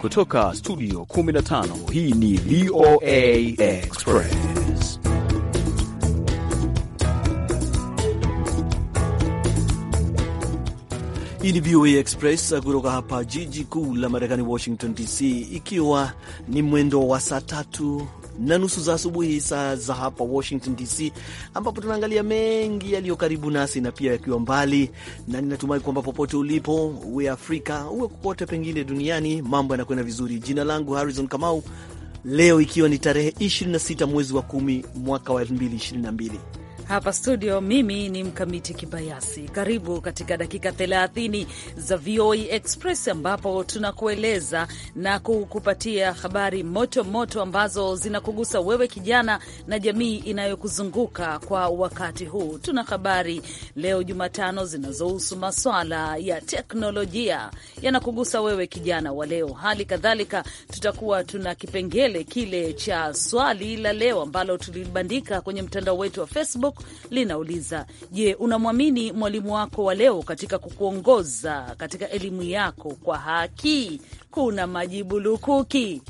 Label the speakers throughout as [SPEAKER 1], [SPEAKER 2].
[SPEAKER 1] Kutoka studio 15 hii ni VOA Express. Hii ni VOA Express kutoka hapa jiji kuu la Marekani, Washington DC, ikiwa ni mwendo wa saa tatu na nusu za asubuhi saa za hapa Washington DC, ambapo tunaangalia mengi yaliyo karibu nasi na pia yakiwa mbali, na ninatumai kwamba popote ulipo, uwe Afrika uwe kokote pengine duniani, mambo yanakwenda vizuri. Jina langu Harrison Kamau, leo ikiwa ni tarehe 26 mwezi wa 10 mwaka wa 2022
[SPEAKER 2] hapa studio. Mimi ni Mkamiti Kibayasi. Karibu katika dakika 30 za VOA e Express ambapo tunakueleza na kukupatia habari moto moto ambazo zinakugusa wewe kijana na jamii inayokuzunguka kwa wakati huu. Tuna habari leo Jumatano zinazohusu maswala ya teknolojia yanakugusa wewe kijana wa leo. Hali kadhalika tutakuwa tuna kipengele kile cha swali la leo ambalo tulibandika kwenye mtandao wetu wa Facebook linauliza je, unamwamini mwalimu wako wa leo katika kukuongoza katika elimu yako kwa haki? Kuna majibu lukuki.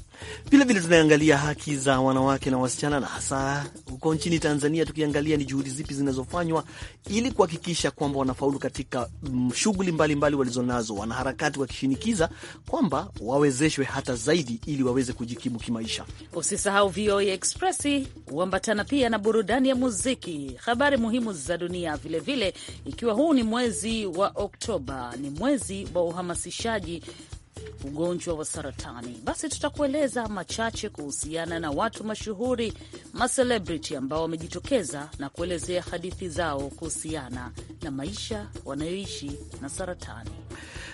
[SPEAKER 1] Vilevile tunaangalia haki za wanawake na wasichana, na hasa huko nchini Tanzania, tukiangalia ni juhudi zipi zinazofanywa ili kuhakikisha kwamba wanafaulu katika mm, shughuli mbalimbali walizonazo, wanaharakati wakishinikiza kwamba wawezeshwe hata zaidi ili waweze kujikimu kimaisha.
[SPEAKER 2] Usisahau VOA Express kuambatana pia na burudani ya muziki, habari muhimu za dunia vilevile vile, ikiwa huu ni mwezi wa Oktoba, ni mwezi wa uhamasishaji ugonjwa wa saratani. Basi tutakueleza machache kuhusiana na watu mashuhuri macelebrity ambao wamejitokeza na kuelezea hadithi zao kuhusiana na maisha wanayoishi na saratani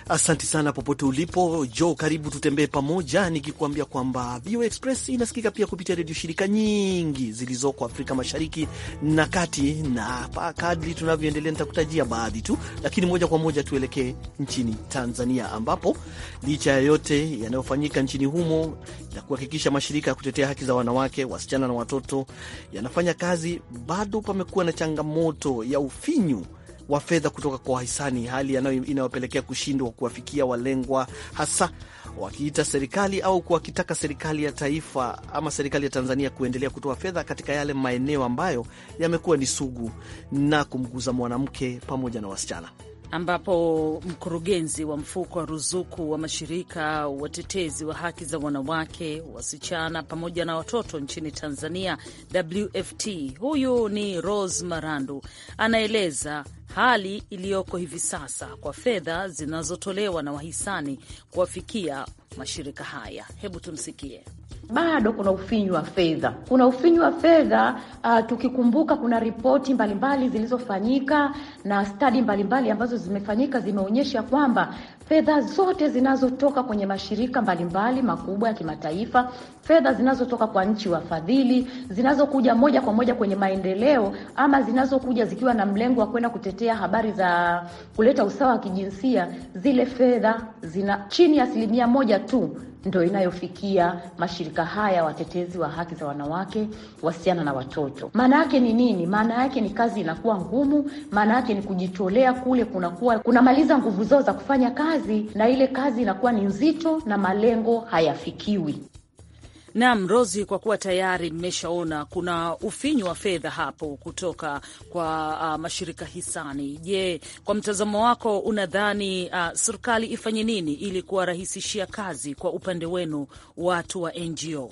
[SPEAKER 1] asanti sana popote ulipo Jo, karibu tutembee pamoja, nikikuambia kwamba VOA Express inasikika pia kupitia redio shirika nyingi zilizoko Afrika Mashariki na Kati, na kadri tunavyoendelea nitakutajia baadhi tu, lakini moja kwa moja tuelekee nchini Tanzania, ambapo licha ya yote yanayofanyika nchini humo ya kuhakikisha mashirika ya kutetea haki za wanawake, wasichana na watoto yanafanya kazi, bado pamekuwa na changamoto ya ufinyu wa fedha kutoka kwa wahisani, hali inayopelekea kushindwa kuwafikia walengwa, hasa wakiita serikali au wakitaka serikali ya taifa ama serikali ya Tanzania kuendelea kutoa fedha katika yale maeneo ambayo yamekuwa ni sugu na kumguza mwanamke pamoja na wasichana
[SPEAKER 2] ambapo mkurugenzi wa mfuko wa ruzuku wa mashirika watetezi wa haki za wanawake, wasichana pamoja na watoto nchini Tanzania, WFT, huyu ni Rose Marandu, anaeleza hali iliyoko hivi sasa kwa fedha zinazotolewa na wahisani kuwafikia mashirika haya. Hebu tumsikie
[SPEAKER 3] bado kuna ufinyu wa fedha, kuna ufinyu wa fedha. Uh, tukikumbuka kuna ripoti mbalimbali zilizofanyika na stadi mbalimbali ambazo zimefanyika zimeonyesha kwamba fedha zote zinazotoka kwenye mashirika mbalimbali makubwa ya kimataifa, fedha zinazotoka kwa nchi wafadhili, zinazokuja moja kwa moja kwenye maendeleo ama zinazokuja zikiwa na mlengo wa kwenda kutetea habari za kuleta usawa wa kijinsia, zile fedha zina chini ya asilimia moja tu ndo inayofikia mashirika haya watetezi wa haki za wanawake, wasichana na watoto. Maana yake ni nini? Maana yake ni kazi inakuwa ngumu, maana yake ni kujitolea kule kunakuwa kunamaliza nguvu zao za kufanya kazi, na ile kazi inakuwa ni nzito na malengo hayafikiwi.
[SPEAKER 2] Naam, Rosi, kwa kuwa tayari mmeshaona kuna ufinyu wa fedha hapo kutoka kwa uh, mashirika hisani, je, kwa mtazamo wako unadhani uh, serikali ifanye nini ili kuwarahisishia kazi kwa upande wenu watu wa NGO?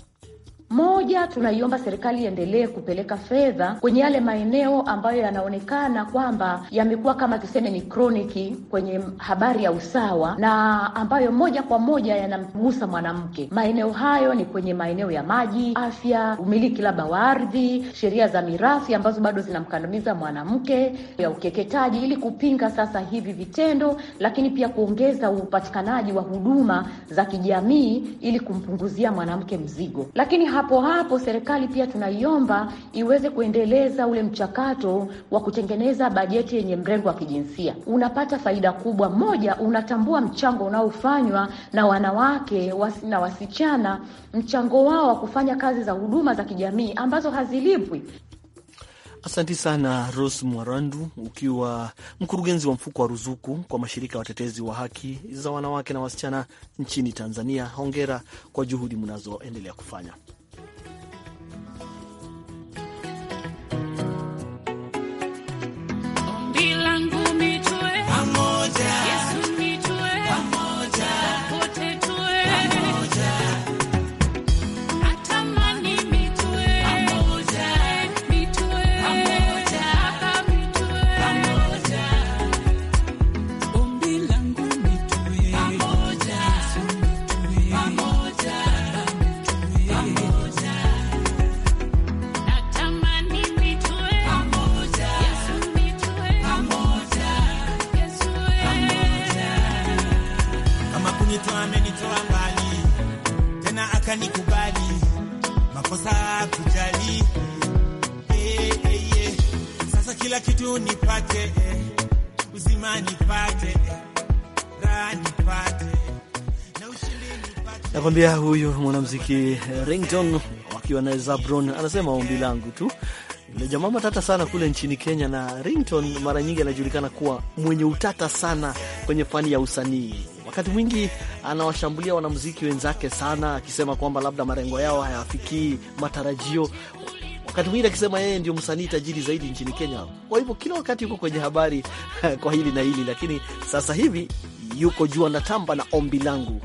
[SPEAKER 3] Moja, tunaiomba serikali iendelee kupeleka fedha kwenye yale maeneo ambayo yanaonekana kwamba yamekuwa kama tuseme ni kroniki kwenye habari ya usawa na ambayo moja kwa moja yanamgusa mwanamke. Maeneo hayo ni kwenye maeneo ya maji, afya, umiliki labda wa ardhi, sheria za mirathi ambazo bado zinamkandamiza mwanamke, ya ukeketaji, ili kupinga sasa hivi vitendo, lakini pia kuongeza upatikanaji wa huduma za kijamii ili kumpunguzia mwanamke mzigo, lakini hapo hapo serikali pia tunaiomba iweze kuendeleza ule mchakato wa kutengeneza bajeti yenye mrengo wa kijinsia. Unapata faida kubwa. Moja, unatambua mchango unaofanywa na wanawake wasi, na wasichana, mchango wao wa kufanya kazi za huduma za kijamii ambazo hazilipwi.
[SPEAKER 1] Asanti sana Rose Mwarandu, ukiwa mkurugenzi wa mfuko wa ruzuku kwa mashirika ya watetezi wa haki za wanawake na wasichana nchini Tanzania. Hongera kwa juhudi mnazoendelea kufanya. Nakwambia huyu mwanamuziki eh, Rington wakiwa na Zabron anasema ombi langu tu. Ile jamaa matata sana kule nchini Kenya, na Rington mara nyingi anajulikana kuwa mwenye utata sana kwenye fani ya usanii. Wakati mwingi anawashambulia wanamuziki wenzake sana, akisema kwamba labda marengo yao hayafikii matarajio wakati mwingine akisema yeye ndio msanii tajiri zaidi nchini Kenya. Kwa hivyo kila wakati yuko kwenye habari kwa hili na hili, lakini sasa hivi yuko jua na tamba na ombi langu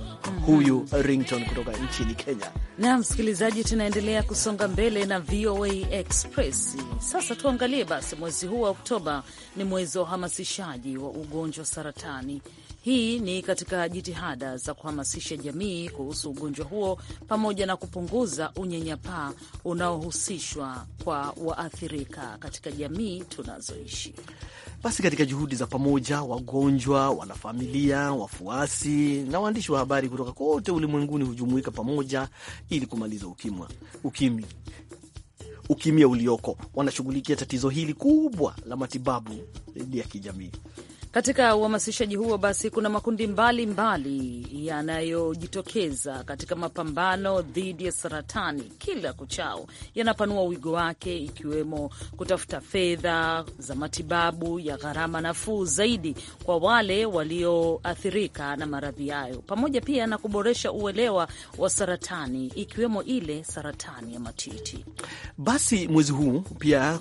[SPEAKER 1] huyu Rington kutoka nchini Kenya.
[SPEAKER 2] Na msikilizaji, tunaendelea kusonga mbele na VOA Express. Sasa tuangalie basi, mwezi huu wa Oktoba ni mwezi wa uhamasishaji wa ugonjwa saratani. Hii ni katika jitihada za kuhamasisha jamii kuhusu ugonjwa huo pamoja na kupunguza unyanyapaa unaohusishwa kwa waathirika katika jamii tunazoishi.
[SPEAKER 1] Basi katika juhudi za pamoja, wagonjwa, wanafamilia, wafuasi na waandishi wa habari kutoka kote ulimwenguni hujumuika pamoja ili kumaliza ukimwa ukimi ukimya ulioko. Wanashughulikia tatizo hili kubwa la matibabu ya kijamii.
[SPEAKER 2] Katika uhamasishaji huo basi, kuna makundi mbalimbali yanayojitokeza katika mapambano dhidi ya saratani kila kuchao, yanapanua wigo wake, ikiwemo kutafuta fedha za matibabu ya gharama nafuu zaidi kwa wale walioathirika na maradhi hayo, pamoja pia na kuboresha uelewa wa saratani, ikiwemo ile saratani ya matiti.
[SPEAKER 1] Basi mwezi huu pia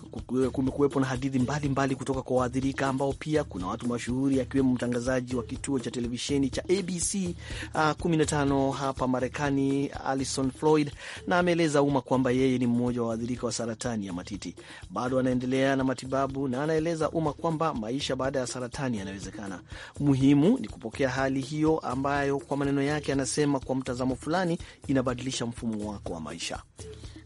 [SPEAKER 1] kumekuwepo na hadithi mbalimbali mbali kutoka kwa waathirika ambao pia kuna watu mashuhuri akiwemo mtangazaji wa kituo cha televisheni cha ABC uh, 15 hapa Marekani, Alison Floyd, na ameeleza umma kwamba yeye ni mmoja wa waathirika wa saratani ya matiti. Bado anaendelea na matibabu na anaeleza umma kwamba maisha baada ya saratani yanawezekana. Muhimu ni kupokea hali hiyo ambayo, kwa maneno yake, anasema kwa mtazamo fulani inabadilisha mfumo wako wa maisha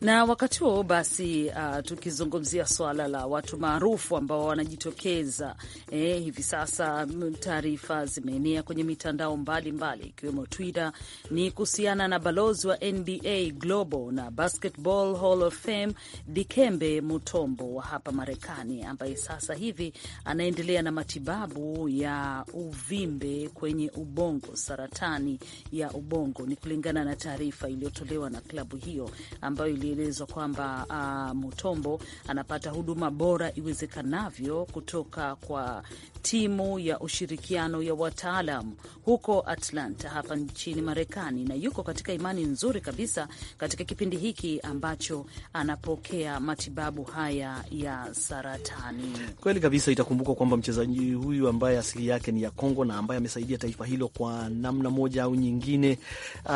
[SPEAKER 2] na wakati huo basi, uh, tukizungumzia swala la watu maarufu ambao wanajitokeza eh, hivi sasa sasa mm, taarifa zimeenea kwenye mitandao mbalimbali ikiwemo mbali, Twitter ni kuhusiana na balozi wa NBA Global na Basketball Hall of Fame Dikembe Mutombo wa hapa Marekani ambaye sasa hivi anaendelea na matibabu ya uvimbe kwenye ubongo, saratani ya ubongo, ni kulingana na taarifa iliyotolewa na klabu hiyo ambayo ilielezwa kwamba uh, Mutombo anapata huduma bora iwezekanavyo kutoka kwa timu elimu ya ushirikiano ya wataalam huko Atlanta hapa nchini Marekani, na yuko katika imani nzuri kabisa katika kipindi hiki ambacho anapokea matibabu haya ya saratani.
[SPEAKER 1] Kweli kabisa. Itakumbukwa kwamba mchezaji huyu ambaye asili yake ni ya Kongo na ambaye amesaidia taifa hilo kwa namna moja au nyingine, uh,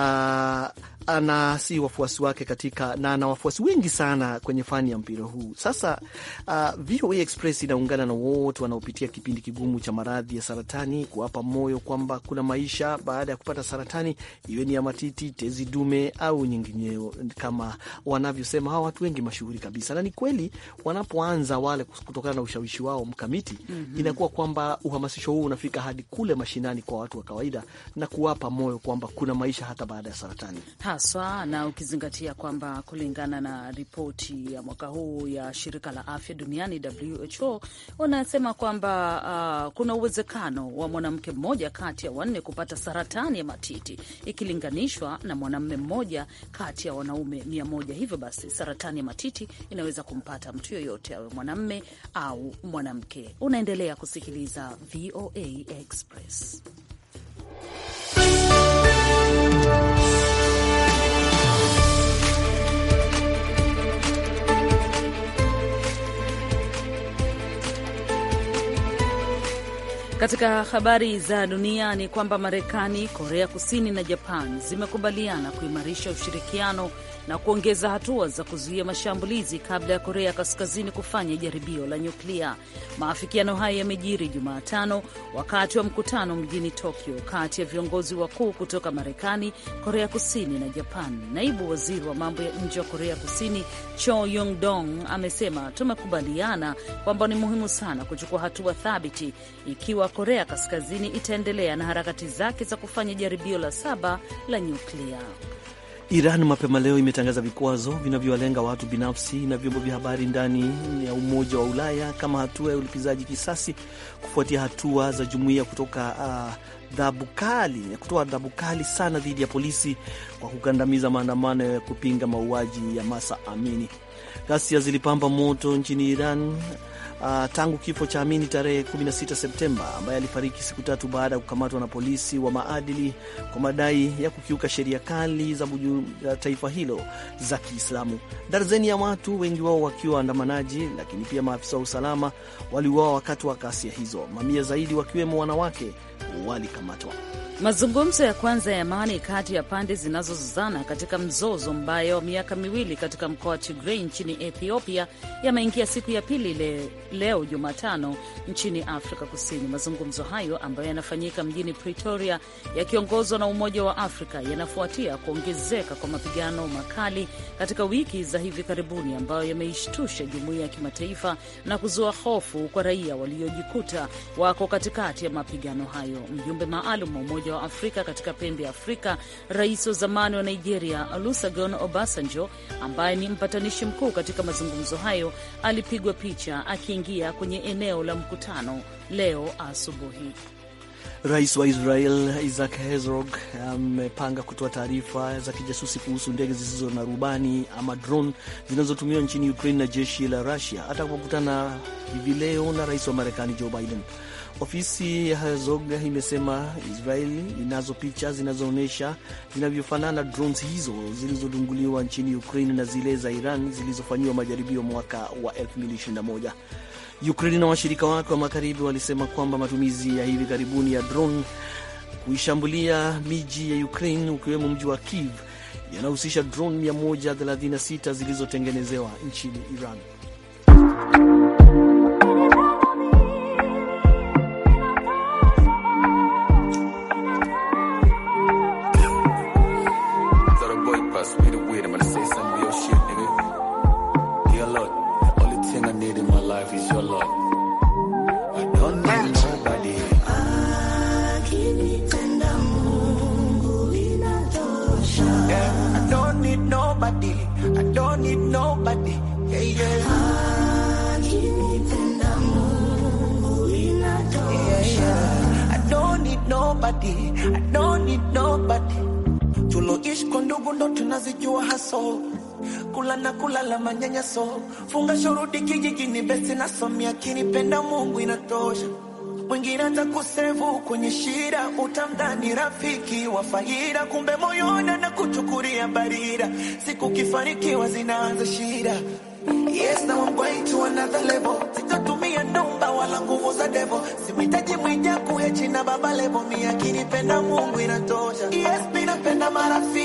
[SPEAKER 1] ana si wafuasi wake katika na ana wafuasi wengi sana kwenye fani ya mpira huu. Sasa uh, VOA Express inaungana na wote wanaopitia kipindi kigumu cha maradhi ya saratani kuwapa moyo kwamba kuna maisha baada ya kupata saratani, iwe ni ya matiti, tezi dume au nyingineo, kama wanavyosema hawa watu wengi mashuhuri kabisa. Na ni kweli wanapoanza wale, kutokana na ushawishi wao mkamiti, mm -hmm. inakuwa kwamba uhamasisho huu unafika hadi kule mashinani kwa watu wa kawaida na kuwapa moyo kwamba kuna maisha hata baada ya saratani
[SPEAKER 2] haswa, na ukizingatia kwamba kulingana na ripoti ya mwaka huu ya shirika la afya duniani WHO, unasema kwamba uh, kuna uwezekano wa mwanamke mmoja kati ya wanne kupata saratani ya matiti ikilinganishwa na mwanamume mmoja kati ya wanaume mia moja. Hivyo basi saratani ya matiti inaweza kumpata mtu yoyote awe mwanamume au mwanamke. Unaendelea kusikiliza VOA Express. Katika habari za dunia ni kwamba Marekani, Korea Kusini na Japan zimekubaliana kuimarisha ushirikiano na kuongeza hatua za kuzuia mashambulizi kabla ya Korea Kaskazini kufanya jaribio la nyuklia. Maafikiano haya yamejiri Jumatano wakati wa mkutano mjini Tokyo kati ya viongozi wakuu kutoka Marekani, Korea Kusini na Japan. Naibu waziri wa mambo ya nje wa Korea Kusini Cho Yong Dong amesema tumekubaliana kwamba ni muhimu sana kuchukua hatua thabiti ikiwa Korea Kaskazini itaendelea na harakati zake za kufanya jaribio la saba la nyuklia.
[SPEAKER 1] Iran mapema leo imetangaza vikwazo vinavyowalenga watu binafsi na vyombo vya habari ndani ya Umoja wa Ulaya kama hatua ya ulipizaji kisasi kufuatia hatua za jumuiya kutoka uh, adhabu kali kutoa adhabu kali sana dhidi ya polisi kwa kukandamiza maandamano ya kupinga mauaji ya Masa Amini. Ghasia zilipamba moto nchini Iran uh, tangu kifo cha Amini tarehe 16 Septemba, ambaye alifariki siku tatu baada ya kukamatwa na polisi wa maadili kwa madai ya kukiuka sheria kali za taifa hilo za Kiislamu. Darzeni ya watu, wengi wao wakiwa waandamanaji, lakini pia maafisa wa usalama waliuawa wakati wa ghasia hizo. Mamia zaidi, wakiwemo wanawake, walikamatwa.
[SPEAKER 2] Mazungumzo ya kwanza ya amani kati ya pande zinazozozana katika mzozo mbaya wa miaka miwili katika mkoa wa Tigrei nchini Ethiopia yameingia siku ya pili le, leo Jumatano nchini Afrika Kusini. Mazungumzo hayo ambayo yanafanyika mjini Pretoria yakiongozwa na Umoja wa Afrika yanafuatia kuongezeka kwa mapigano makali katika wiki za hivi karibuni ambayo yameishtusha jumuiya ya kimataifa na kuzua hofu kwa raia waliojikuta wako katikati ya mapigano hayo. Mjumbe maalum wa Umoja wa Afrika katika pembe ya Afrika, rais wa zamani wa Nigeria Olusegun Obasanjo, ambaye ni mpatanishi mkuu katika mazungumzo hayo, alipigwa picha akiingia kwenye eneo la mkutano leo asubuhi.
[SPEAKER 1] Rais wa Israel Isaac Herzog amepanga um, kutoa taarifa za kijasusi kuhusu ndege zisizo na rubani ama drone zinazotumiwa nchini Ukraine na jeshi la Rusia, hata kukutana hivi leo na rais wa Marekani Joe Biden. Ofisi ya Herzog imesema Israeli inazo picha zinazoonyesha zinavyofanana drones hizo zilizodunguliwa nchini Ukraine na zile za Iran zilizofanyiwa majaribio mwaka wa 2021. Ukraine na washirika wake wa magharibi walisema kwamba matumizi ya hivi karibuni ya drone kuishambulia miji ya Ukraine ukiwemo mji wa Kiev yanahusisha drone 136 zilizotengenezewa nchini Iran.
[SPEAKER 4] na kulala manyanyaso, funga shurudi kijijini, besi nasomia, kinipenda Mungu inatosha. Mwingine atakusevu kwenye shida, utamdhani rafiki wa faida, kumbe moyoni na kuchukulia barida. Siku kifanikiwa zinaanza shida. Yes, now I'm going to another level. Sitatumia nomba wala nguvu za devo, Simhitaji mwijaku hechi na baba levo, mia kinipenda Mungu inatosha. Yes, minapenda marafiki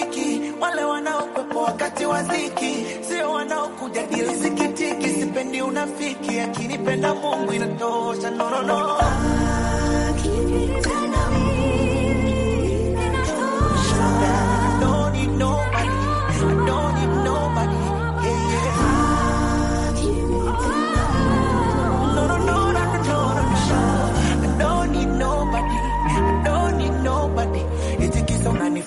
[SPEAKER 4] waziki, sio wanaokujadili. Sikitiki, sipendi unafiki, akinipenda Mungu inatosha. No, no, no.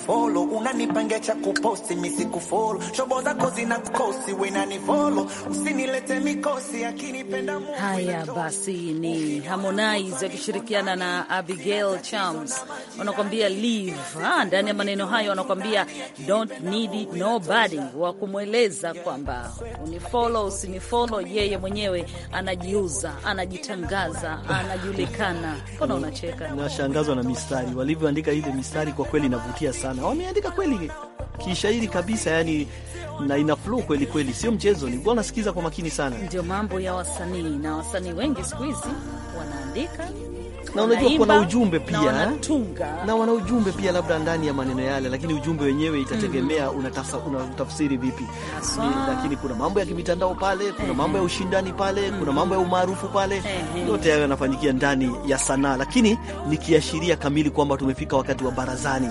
[SPEAKER 4] follow, unanipangia cha kuposti misi kufollow, shobo zako zina kukosi, we nani follow, usinilete mikosi,
[SPEAKER 2] penda Mungu. Haya basi, ni Harmonize akishirikiana na Abigail Chams wanakwambia leave. Ah, ndani ya maneno hayo wanakwambia don't need nobody wa kumweleza kwamba unifollow usinifollow, yeye mwenyewe anajiuza, anajitangaza, anajulikana. Mbona unacheka?
[SPEAKER 1] Nashangazwa na mistari walivyoandika ile mistari, kwa kweli inavutia sana sana. Wameandika kweli kishairi kabisa, yani na ina flow kweli kweli, sio mchezo. bwana, nasikiza kwa makini sana.
[SPEAKER 2] Ndio mambo ya wasanii, na wasanii wengi siku hizi wanaandika na ujumbe
[SPEAKER 1] pia na eh? wanatunga na wana ujumbe pia labda ndani ya maneno yale, lakini ujumbe wenyewe itategemea mm, unatafsiri vipi. Lakini kuna mambo ya kimitandao pale, kuna mambo ya mm-hmm. ushindani pale, kuna mm-hmm. mambo ya umaarufu pale, yote hayo yanafanyikia ndani ya sanaa, lakini ni kiashiria kamili kwamba tumefika wakati wa barazani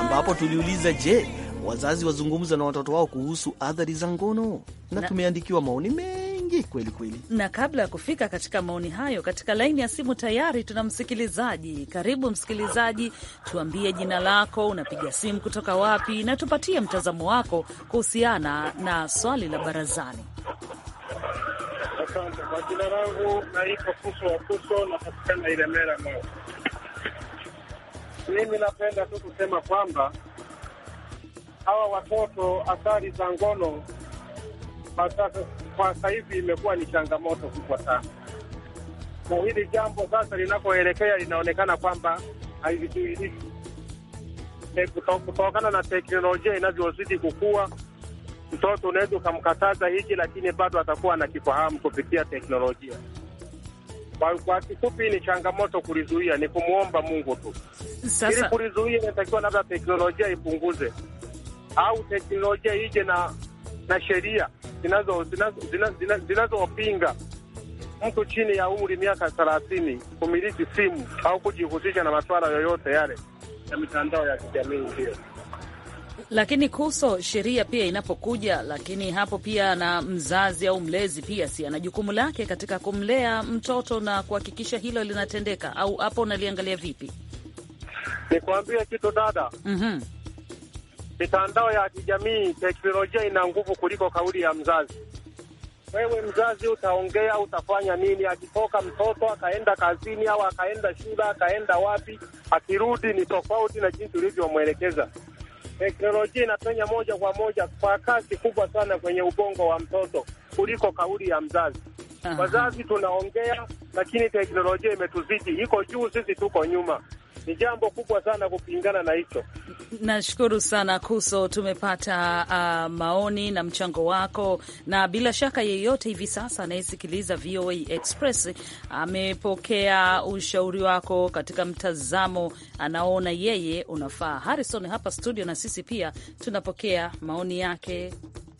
[SPEAKER 1] ambapo tuliuliza, je, wazazi wazungumza na watoto wao kuhusu athari za ngono na, na tumeandikiwa maoni mengi mengi kweli kweli.
[SPEAKER 2] Na kabla ya kufika katika maoni hayo, katika laini ya simu tayari tuna msikilizaji. Karibu msikilizaji, tuambie jina lako, unapiga simu kutoka wapi, na tupatie mtazamo wako kuhusiana na swali la barazani.
[SPEAKER 5] Asante. Kwa jina langu naitwa Kuso wa Kuso, napatikana Ilemela Moyo. Mimi napenda tu kusema kwamba hawa watoto athari za ngono kwa sasa hivi imekuwa ni changamoto kubwa sana, na hili jambo sasa linakoelekea linaonekana kwamba haizuiliki e, kutokana na teknolojia inavyozidi kukua. Mtoto unaweza ukamkataza hiki, lakini bado atakuwa anakifahamu kupitia teknolojia. Kwa kifupi, ni changamoto kulizuia, ni kumwomba Mungu tu. Sasa ili kulizuia, inatakiwa labda teknolojia ipunguze au teknolojia ije na na sheria zinazopinga mtu chini ya umri miaka thelathini kumiliki simu au kujihusisha na masuala yoyote yale ya mitandao ya kijamii hiyo.
[SPEAKER 2] Lakini kuso sheria pia inapokuja, lakini hapo pia na mzazi au mlezi pia si ana jukumu lake katika kumlea mtoto na kuhakikisha hilo linatendeka, au hapo unaliangalia
[SPEAKER 5] vipi? Nikwambie kitu dada, mm -hmm mitandao ya kijamii, teknolojia ina nguvu kuliko kauli ya mzazi. Wewe mzazi utaongea, utafanya nini? Akitoka mtoto akaenda kazini au akaenda shule akaenda wapi, akirudi ni tofauti na jinsi ulivyomwelekeza. Teknolojia inapenya moja kwa moja kwa kasi kubwa sana kwenye ubongo wa mtoto kuliko kauli ya mzazi. Wazazi tunaongea, lakini teknolojia imetuzidi, iko juu, sisi tuko nyuma ni jambo kubwa sana kupingana na hicho.
[SPEAKER 2] Nashukuru sana Kuso, tumepata uh, maoni na mchango wako, na bila shaka yeyote hivi sasa anayesikiliza VOA Express amepokea ushauri wako katika mtazamo anaona yeye unafaa. Harrison hapa studio na sisi pia tunapokea maoni yake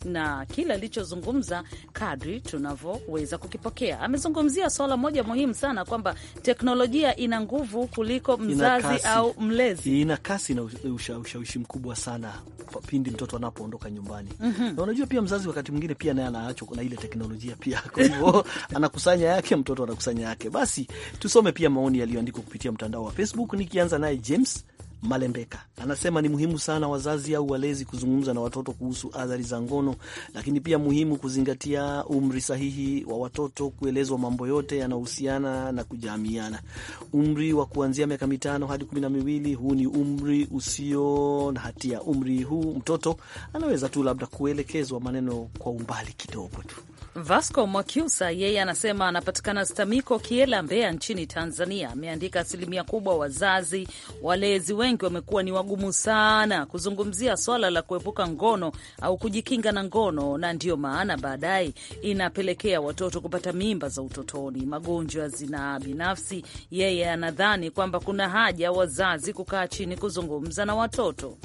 [SPEAKER 2] na kile alichozungumza kadri tunavyoweza kukipokea. Amezungumzia swala moja muhimu sana, kwamba teknolojia ina nguvu kuliko mzazi au
[SPEAKER 1] mlezi. Ina kasi na ushawishi usha mkubwa sana pindi mtoto anapoondoka nyumbani mm -hmm. Na unajua pia mzazi wakati mwingine pia naye anaachwa na ile teknolojia pia, kwa hivyo anakusanya yake, mtoto anakusanya yake. Basi tusome pia maoni yaliyoandikwa kupitia mtandao wa Facebook, nikianza naye James Malembeka anasema ni muhimu sana wazazi au walezi kuzungumza na watoto kuhusu athari za ngono, lakini pia muhimu kuzingatia umri sahihi wa watoto kuelezwa mambo yote yanayohusiana na kujamiana. Umri wa kuanzia miaka mitano hadi kumi na miwili, huu ni umri usio na hatia. Umri huu mtoto anaweza tu labda kuelekezwa maneno kwa umbali kidogo tu.
[SPEAKER 2] Vasco mwakiusa yeye anasema anapatikana Stamiko Kiela, Mbeya nchini Tanzania. Ameandika asilimia kubwa wazazi walezi wengi wamekuwa ni wagumu sana kuzungumzia swala la kuepuka ngono au kujikinga na ngono, na ndiyo maana baadaye inapelekea watoto kupata mimba za utotoni, magonjwa ya zinaa. Binafsi yeye anadhani kwamba kuna haja wazazi kukaa chini kuzungumza na watoto.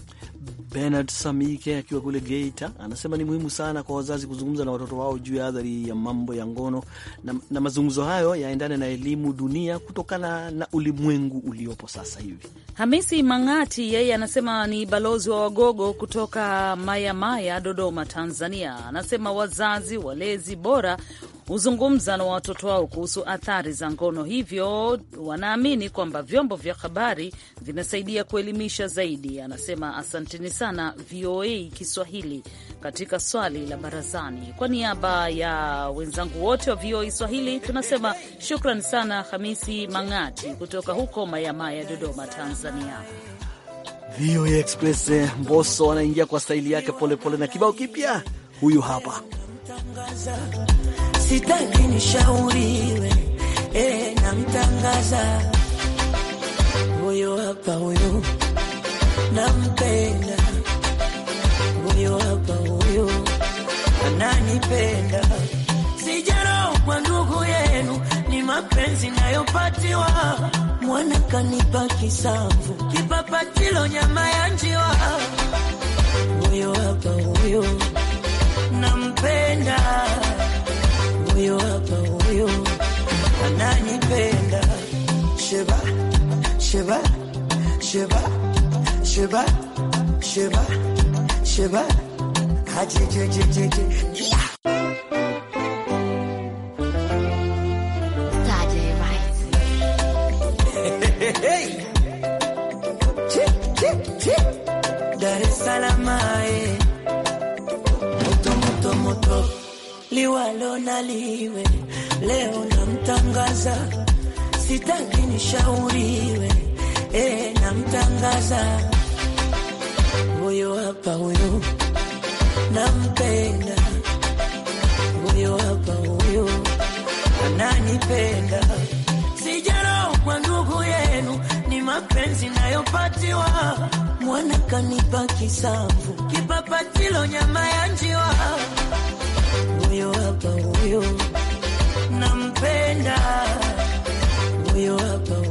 [SPEAKER 1] Bernard Samike akiwa kule Geita anasema ni muhimu sana kwa wazazi kuzungumza na watoto wao juu ya adhari ya mambo ya ngono na, na mazungumzo hayo yaendane na elimu dunia kutokana na ulimwengu uliopo sasa hivi.
[SPEAKER 2] Hamisi Mangati yeye anasema ni balozi wa Wagogo kutoka Mayamaya Maya, Dodoma, Tanzania. Anasema wazazi walezi bora huzungumza na watoto wao kuhusu athari za ngono, hivyo wanaamini kwamba vyombo vya habari vinasaidia kuelimisha zaidi. Anasema asante asanteni sana VOA Kiswahili katika swali la barazani. Kwa niaba ya wenzangu wote wa VOA Swahili tunasema shukran sana Hamisi Mang'ati kutoka huko Mayamaya, Dodoma, Tanzania.
[SPEAKER 1] VOA Express eh, Mboso anaingia kwa staili yake polepole na kibao kipya. Huyu hapa sitaki
[SPEAKER 6] nishauriwe, eh, namtangaza hapa nampenda huyo, hapa huyo ananipenda, sijarau kwa ndugu yenu, ni mapenzi nayopatiwa. Mwana kanipa kisamvu, kipapatilo nyama ya njiwa, huyo hapa huyo nampenda huyo, hapa huyo ananipenda, sheba sheba sheba Sheba, Sheba, Sheba. Haji, je, Dar es Salaam moto moto moto liwalo na liwe leo namtangaza sitaki nishauriwe eh, namtangaza hapa huyu nampenda, huyu hapa huyu ananipenda, sijarau kwa ndugu yenu, ni mapenzi nayopatiwa, mwana kanipa kisamvu, kipapatilo nyama ya njiwa, huyu hapa huyu
[SPEAKER 2] nampenda, huyu hapa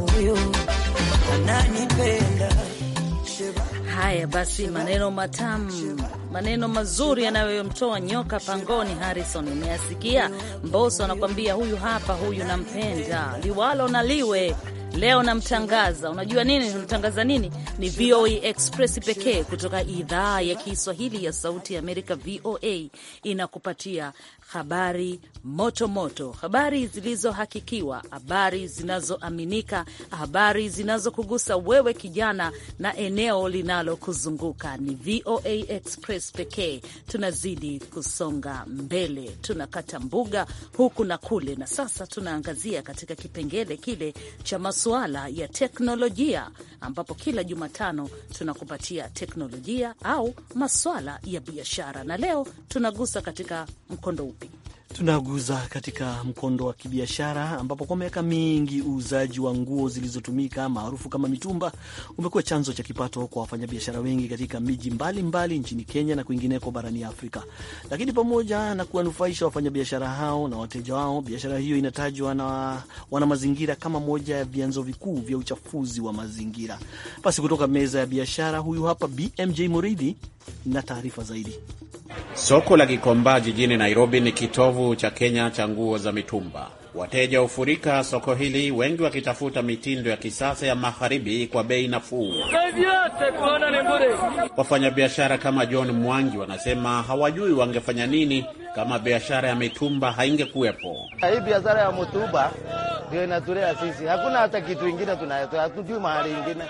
[SPEAKER 2] basi, maneno matamu, maneno mazuri yanayomtoa nyoka pangoni. Harrison, umeasikia Mboso anakuambia huyu hapa, huyu nampenda, liwalo na liwe Leo namtangaza. Unajua nini namtangaza nini? Ni VOA e Express pekee kutoka idhaa ya Kiswahili ya Sauti ya Amerika. VOA inakupatia habari moto moto, habari zilizohakikiwa, habari zinazoaminika, habari zinazokugusa wewe kijana na eneo linalokuzunguka. Ni VOA Express pekee. Tunazidi kusonga mbele, tunakata mbuga huku na kule, na sasa tunaangazia katika kipengele kile cha masuala ya teknolojia, ambapo kila Jumatano tunakupatia teknolojia au masuala ya biashara, na leo tunagusa katika mkondo
[SPEAKER 1] Tunaguza katika mkondo wa kibiashara ambapo kwa miaka mingi uuzaji wa nguo zilizotumika maarufu kama mitumba umekuwa chanzo cha kipato kwa wafanyabiashara wengi katika miji mbalimbali nchini Kenya na kwingineko barani Afrika. Lakini pamoja na kuwanufaisha wafanyabiashara hao na wateja wao, biashara hiyo inatajwa na wanamazingira kama moja ya vyanzo vikuu vya uchafuzi wa mazingira. Basi kutoka meza ya biashara, huyu hapa BMJ moridhi na taarifa
[SPEAKER 7] zaidi. Soko la Gikomba jijini Nairobi ni kitovu cha Kenya cha nguo za mitumba. Wateja hufurika soko hili, wengi wakitafuta mitindo ya kisasa ya magharibi kwa bei nafuu. Wafanyabiashara kama John Mwangi wanasema hawajui wangefanya nini kama biashara ya mitumba haingekuwepo.
[SPEAKER 1] Hii biashara ya mutumba ndio inatulea sisi, hakuna hata kitu ingine tunayatoa, hatujui
[SPEAKER 2] mahali ingine.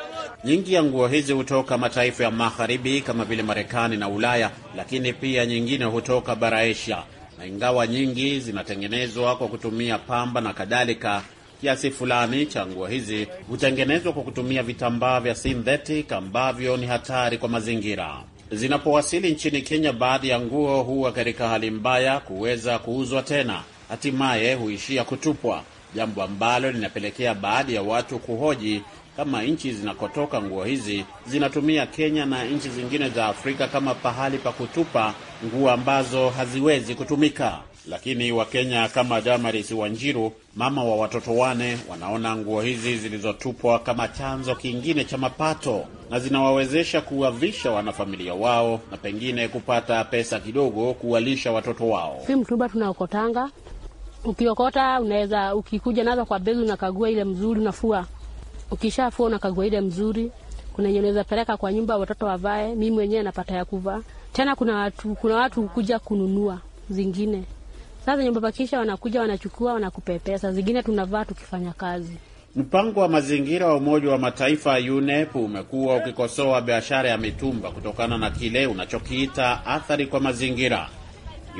[SPEAKER 7] Nyingi ya nguo hizi hutoka mataifa ya magharibi kama vile Marekani na Ulaya, lakini pia nyingine hutoka bara Asia, na ingawa nyingi zinatengenezwa kwa kutumia pamba na kadhalika, kiasi fulani cha nguo hizi hutengenezwa kwa kutumia vitambaa vya synthetic ambavyo ni hatari kwa mazingira. Zinapowasili nchini Kenya, baadhi ya nguo huwa katika hali mbaya kuweza kuuzwa tena, hatimaye huishia kutupwa, jambo ambalo linapelekea baadhi ya watu kuhoji kama nchi zinakotoka nguo hizi zinatumia Kenya na nchi zingine za Afrika kama pahali pa kutupa nguo ambazo haziwezi kutumika. Lakini Wakenya kama Damaris Wanjiru, mama wa watoto wane, wanaona nguo hizi zilizotupwa kama chanzo kingine cha mapato na zinawawezesha kuwavisha wanafamilia wao na pengine kupata pesa kidogo kuwalisha watoto wao.
[SPEAKER 3] Si mtumba tunaokotanga, ukiokota unaweza, ukikuja nazo kwa bezi unakagua ile mzuri, unafua, ukishafua unakagua ile mzuri. Kuna enye unaweza peleka kwa nyumba watoto wavae, mi mwenyewe napata ya kuvaa tena. Kuna watu, kuna watu kuja kununua zingine sasa nyumba pakisha wanakuja wanachukua, wanakupepesa, zingine tunavaa tukifanya kazi.
[SPEAKER 7] Mpango wa mazingira wa Umoja wa Mataifa UNEP umekuwa ukikosoa biashara ya mitumba kutokana na kile unachokiita athari kwa mazingira.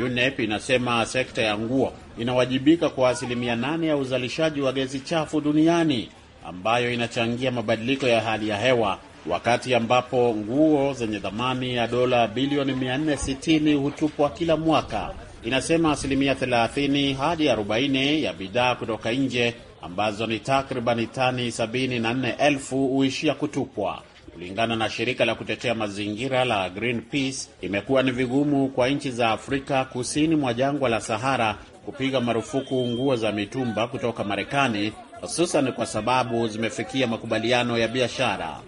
[SPEAKER 7] UNEP inasema sekta ya nguo inawajibika kwa asilimia nane ya uzalishaji wa gesi chafu duniani ambayo inachangia mabadiliko ya hali ya hewa, wakati ambapo nguo zenye thamani ya dola bilioni 460 hutupwa kila mwaka inasema asilimia 30 hadi 40 ya bidhaa kutoka nje ambazo ni takribani tani 74,000 huishia kutupwa. Kulingana na shirika la kutetea mazingira la Greenpeace, imekuwa ni vigumu kwa nchi za Afrika kusini mwa jangwa la Sahara kupiga marufuku nguo za mitumba kutoka Marekani, hususan kwa sababu zimefikia makubaliano ya biashara.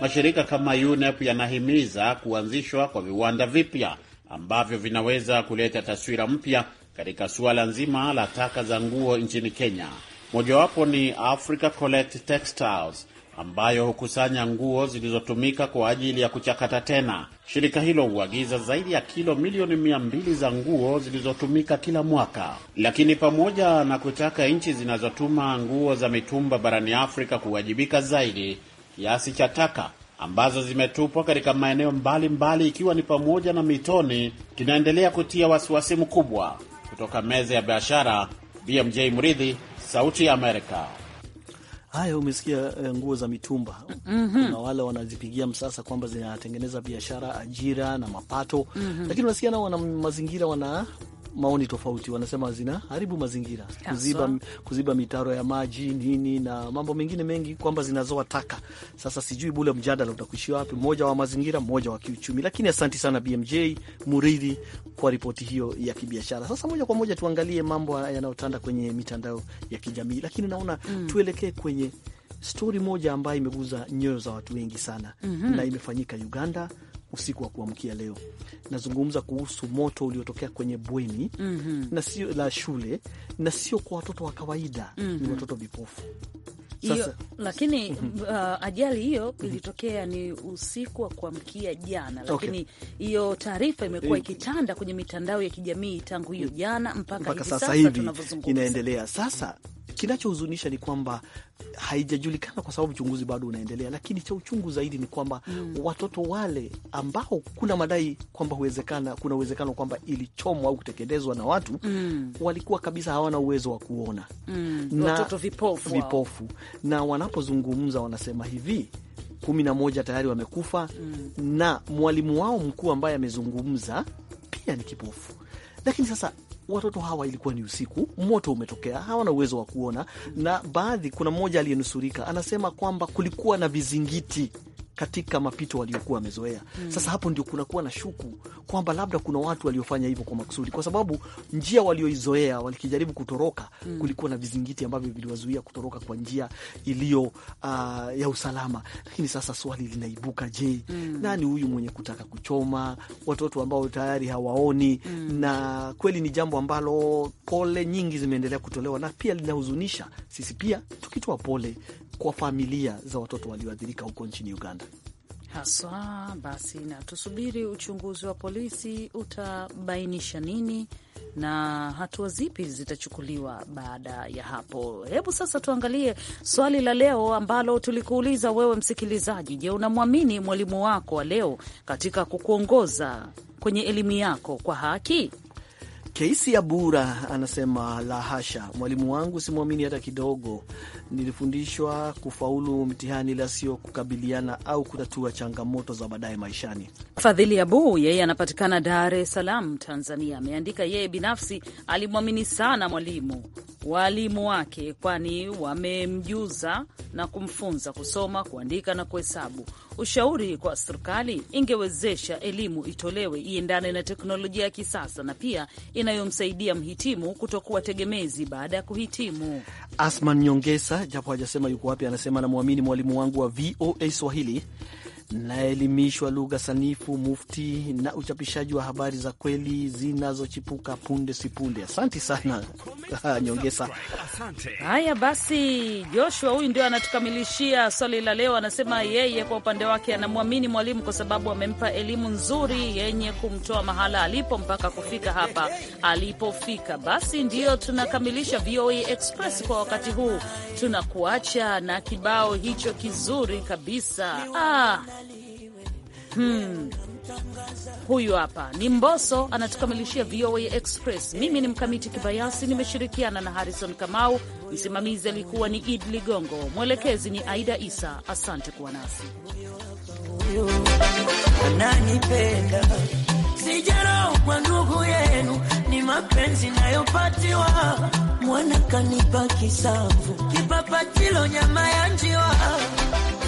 [SPEAKER 7] Mashirika kama UNEP yanahimiza kuanzishwa kwa viwanda vipya ambavyo vinaweza kuleta taswira mpya katika suala nzima la taka za nguo nchini Kenya. Mojawapo ni Africa Collect Textiles ambayo hukusanya nguo zilizotumika kwa ajili ya kuchakata tena. Shirika hilo huagiza zaidi ya kilo milioni mia mbili za nguo zilizotumika kila mwaka. Lakini pamoja na kutaka nchi zinazotuma nguo za mitumba barani Afrika kuwajibika zaidi kiasi cha taka ambazo zimetupwa katika maeneo mbalimbali mbali, ikiwa ni pamoja na mitoni, kinaendelea kutia wasiwasi mkubwa. Kutoka meza ya biashara, BMJ Mridhi, Sauti ya Amerika. Haya, umesikia eh, nguo za mitumba.
[SPEAKER 1] mm -hmm. Kuna wale wanazipigia msasa kwamba zinatengeneza biashara, ajira na mapato. mm -hmm. Lakini unasikia nao wana mazingira wana maoni tofauti, wanasema zina haribu mazingira, kuziba, kuziba mitaro ya maji nini na mambo mengine mengi, kwamba zinazoa taka. Sasa sijui bule mjadala utakuishia wapi, mmoja wa mazingira, mmoja wa kiuchumi. Lakini asanti sana BMJ Muridhi kwa ripoti hiyo ya kibiashara. Sasa moja kwa moja tuangalie mambo yanayotanda kwenye mitandao ya kijamii, lakini naona mm, tuelekee kwenye stori moja ambayo imeguza nyoyo za watu wengi sana mm -hmm. na imefanyika Uganda usiku wa kuamkia leo. Nazungumza kuhusu moto uliotokea kwenye bweni mm -hmm. na sio la shule na sio kwa watoto wa kawaida mm -hmm. ni mhm. watoto vipofu.
[SPEAKER 2] Iyo, lakini mm -hmm. uh, ajali hiyo ilitokea ni usiku wa kuamkia jana, lakini hiyo okay. taarifa imekuwa eh. ikitanda kwenye mitandao ya kijamii tangu hiyo eh. jana mpaka, mpaka hivi sasa hivi
[SPEAKER 1] inaendelea sasa. Kinachohuzunisha ni kwamba haijajulikana kwa sababu uchunguzi bado unaendelea, lakini cha uchungu zaidi ni kwamba mm, watoto wale ambao kuna madai kwamba huwezekana, kuna uwezekano kwamba ilichomwa au kutekelezwa na watu mm, walikuwa kabisa hawana uwezo wa kuona
[SPEAKER 6] mm, na watoto vipofu, vipofu.
[SPEAKER 1] Na wanapozungumza wanasema hivi kumi na moja tayari wamekufa mm, na mwalimu wao mkuu ambaye amezungumza pia ni kipofu, lakini sasa watoto hawa, ilikuwa ni usiku, moto umetokea, hawana uwezo wa kuona, na baadhi, kuna mmoja aliyenusurika anasema kwamba kulikuwa na vizingiti katika mapito waliokuwa wamezoea. Mm. Sasa hapo ndio kunakuwa na shuku kwamba labda kuna watu waliofanya hivyo kwa makusudi, kwa sababu njia walioizoea walikijaribu kutoroka, mm. kulikuwa na vizingiti ambavyo viliwazuia kutoroka kwa njia iliyo uh, ya usalama. Lakini sasa swali linaibuka, je, mm. nani huyu mwenye kutaka kuchoma watoto ambao tayari hawaoni? mm. na kweli ni jambo ambalo pole nyingi zimeendelea kutolewa na pia linahuzunisha sisi pia tukitoa pole kwa familia za watoto
[SPEAKER 2] walioathirika huko nchini Uganda haswa. Basi na tusubiri uchunguzi wa polisi utabainisha nini na hatua zipi zitachukuliwa baada ya hapo. Hebu sasa tuangalie swali la leo ambalo tulikuuliza wewe msikilizaji. Je, unamwamini mwalimu wako wa leo katika kukuongoza kwenye elimu yako kwa haki?
[SPEAKER 1] Keisi ya Bura anasema la hasha, mwalimu wangu simwamini hata kidogo. Nilifundishwa kufaulu mtihani, la sio kukabiliana au kutatua changamoto za baadaye maishani.
[SPEAKER 2] Fadhili Abu yeye anapatikana Dar es Salaam, Tanzania, ameandika yeye binafsi alimwamini sana mwalimu waalimu wake, kwani wamemjuza na kumfunza kusoma, kuandika na kuhesabu. Ushauri kwa serikali, ingewezesha elimu itolewe iendane na teknolojia ya kisasa na pia inayomsaidia mhitimu kutokuwa tegemezi baada ya kuhitimu.
[SPEAKER 1] Asman Nyongesa, japo hajasema yuko wapi, anasema anamwamini mwalimu wangu wa VOA Swahili naelimishwa lugha sanifu, mufti na uchapishaji
[SPEAKER 2] wa habari za kweli zinazochipuka punde si punde. Asante sana Nyongesa. Haya basi, Joshua huyu ndio anatukamilishia swali la leo. Anasema yeye kwa upande wake anamwamini mwalimu kwa sababu amempa elimu nzuri yenye kumtoa mahala alipo mpaka kufika hapa alipofika. Basi ndiyo tunakamilisha VOA e Express kwa wakati huu, tunakuacha na kibao hicho kizuri kabisa ah. Hmm. Huyu hapa ni Mboso anatukamilishia VOA Express. Mimi ni Mkamiti Kibayasi, nimeshirikiana na Harrison Kamau. Msimamizi alikuwa ni id Ligongo, mwelekezi ni Aida Isa. Asante kuwa nasi.
[SPEAKER 6] Ananipenda kwa ndugu yenu, ni mapenzi nayopatiwa. Mwana kanipa kisamvu, kipapatilo nyama ya njiwa